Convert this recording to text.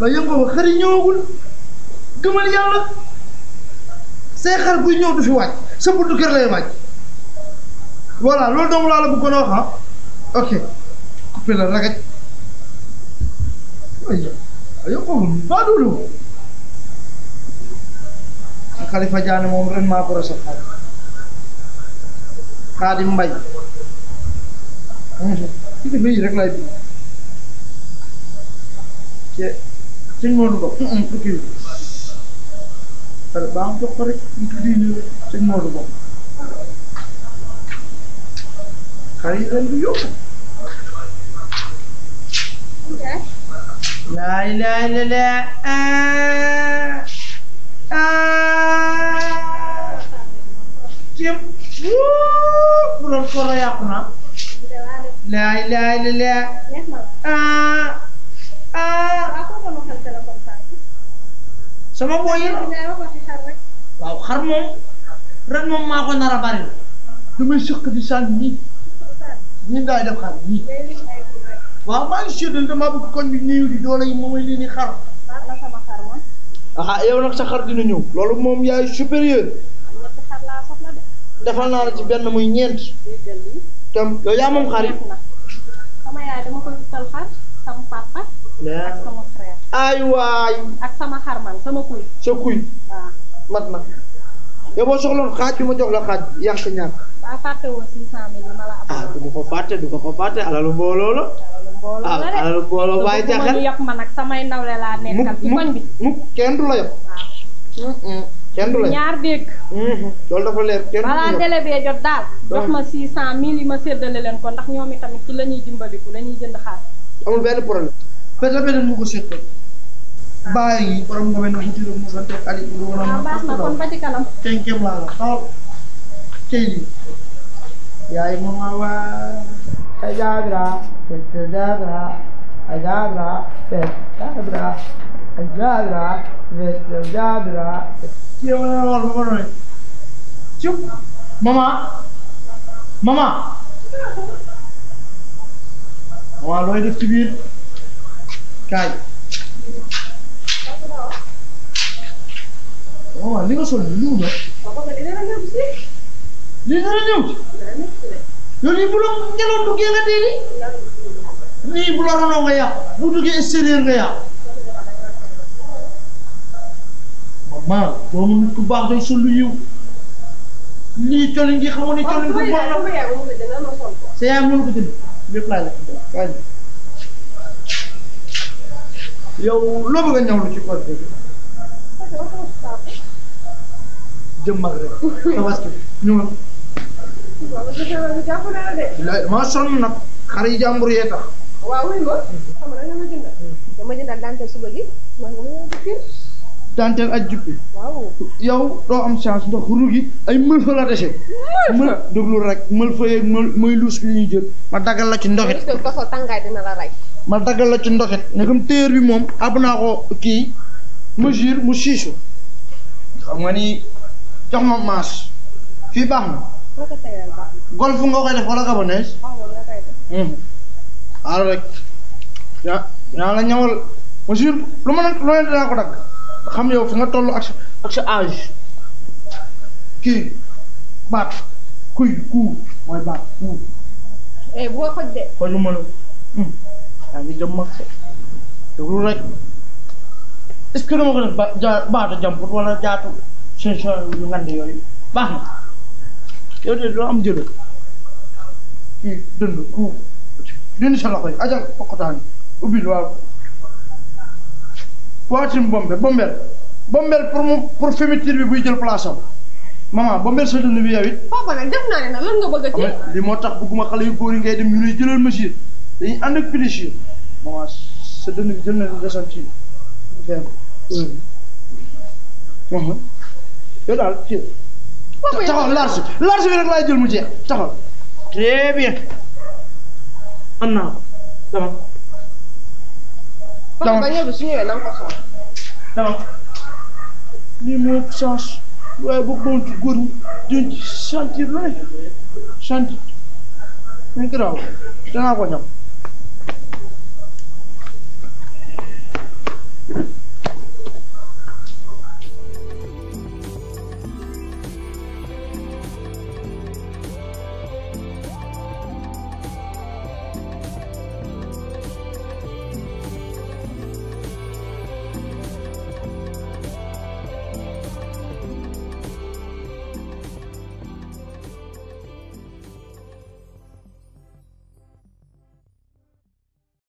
ba la ba xari ñewagul gëmal yàlla say xar buy ñëw du fi wàcc sa buntu kër lay wàcc voilà loolu dong laa la bu ko a wax ah. ok coupé la ragaj ayo ko ba du lu khalifa jani mom ren ma ko rasa rasal khadim mbay ci def yi rek lay bi ci Sen mono bok um fukki kala bang bok rek itu dinu sing mono bok kari ren du la ah kim wuuu bulan kola yakuna la ne illallah ah Sama ko yun. Wow, karmo. Ran mo mako ko naraban. Dumisok ka di saan ni. Hindi na alam ka ni. Wow, man siya dun tumabog ko niyo di doon ay mumili ni kar. Para sa makarmo? Aha, ayaw nak sa kar din ninyo. Lolo mom yaay yung superior. Defal na la ci ben muy ñent Tam yow ya mom xarit. Sama yaay dama ko utal xar sama papa. Ak ya. sama ay way ak sama xar sama kuy sa kuy waaw ah. mat na yow bo soxloon xaaj ma jox la xaaj yàq ñak ba faté wo 600 ma la ah du ko faté du ma ko fàtte alalu mbooloo la ah alalu mbooloo ah, bàyyi jaxal mu yak man ak samay nawle la nekkal ci koñ bi mu kenn du la yokk ah. kenn du la ñaar dégg mm-hmm, loolu dafa leer kenn balaa délai bee jot daal jox ma 600 ma séddale leen ko ndax ñoom itamit ci la ñuy dimbaliku la jënd xaar amul benn problème fekk beneen mu ko seqal bàyyi borom nga mel ne Moussa Diop Moussa Diop Aliou. waaw baax na kon ba ci kanam. cinquième laa la xool tey jii. yaay mama waa. Ajaabira. Ajaabira. Ajaabira. Ajaabira. Ajaabira. Ajaabira. yow na lool ba pare. cib. mama. mama. waaw looy def ci biir. kaay. waaw waaw li nga sol nii lu mu doon. lii dara ñëw ci. loolu yi bu la ngelaw duggee nga dee nii. lii bu la ronoo nga yàqu bu duggee extérieur nga yàqu. maman doomu nit ku baax day sol lu yiw. lii colin gi xamoo ne colin bu bon la. sa yaay mënu ko jënd lépp laa la ci kaay bi. yow loo bëgg a ñawlu ci koor gi. jëmmal rek. tabaski ñu nga. waaw maa sonn nag xar yi jàmbur yee tax. waaw wuy ma. xam nga lan la ma danteel ak juppi waaw yow doo am chance ndox ruu gi ay mël fa la dese mël déglu rek mël fa yeeg mël lous ki ñu jël ma dagal la ci ndoxit ma dagal la ci ndoxit ne gum teer bi mom abna ko ki mesure mu siisu xam nga ni jox ma maas fi bax na golf nga koy def wala gabonaise xaaral hmm. rek ya na la ñawal mesure lu ma nag loolee ko dag xam yow fi nga toll ak ak sa âge kii baat kuy kuu mooy baat kuu. Eh, ko dee. xooluma la. Hmm. yaa ngi ce que dama ko def ba ja baatu jàmput jaatu seen so yu ngand yow de doo am jële kii dënd kuu dindi sa loxo yi ajal pokkotaan yi ubbil waaw. poitrine bombe bombeel bombeel pour pour fémiture bi buy jël place am maman bombeel sa dund bi yow lan nga bëgg li moo tax bëgguma xale yu góor yi ngay dem ñu ne jëlal mesure dañuy ànd ak pédicure maman sa dund bi jël na lu desal ci yow daal ci taxaw large large bi rek laay jël mu jeex taxaw très bien am Parce que Daniel Bessigné chance waaye bu góob góoru duñ ci sentir lu ne sentir dañ ko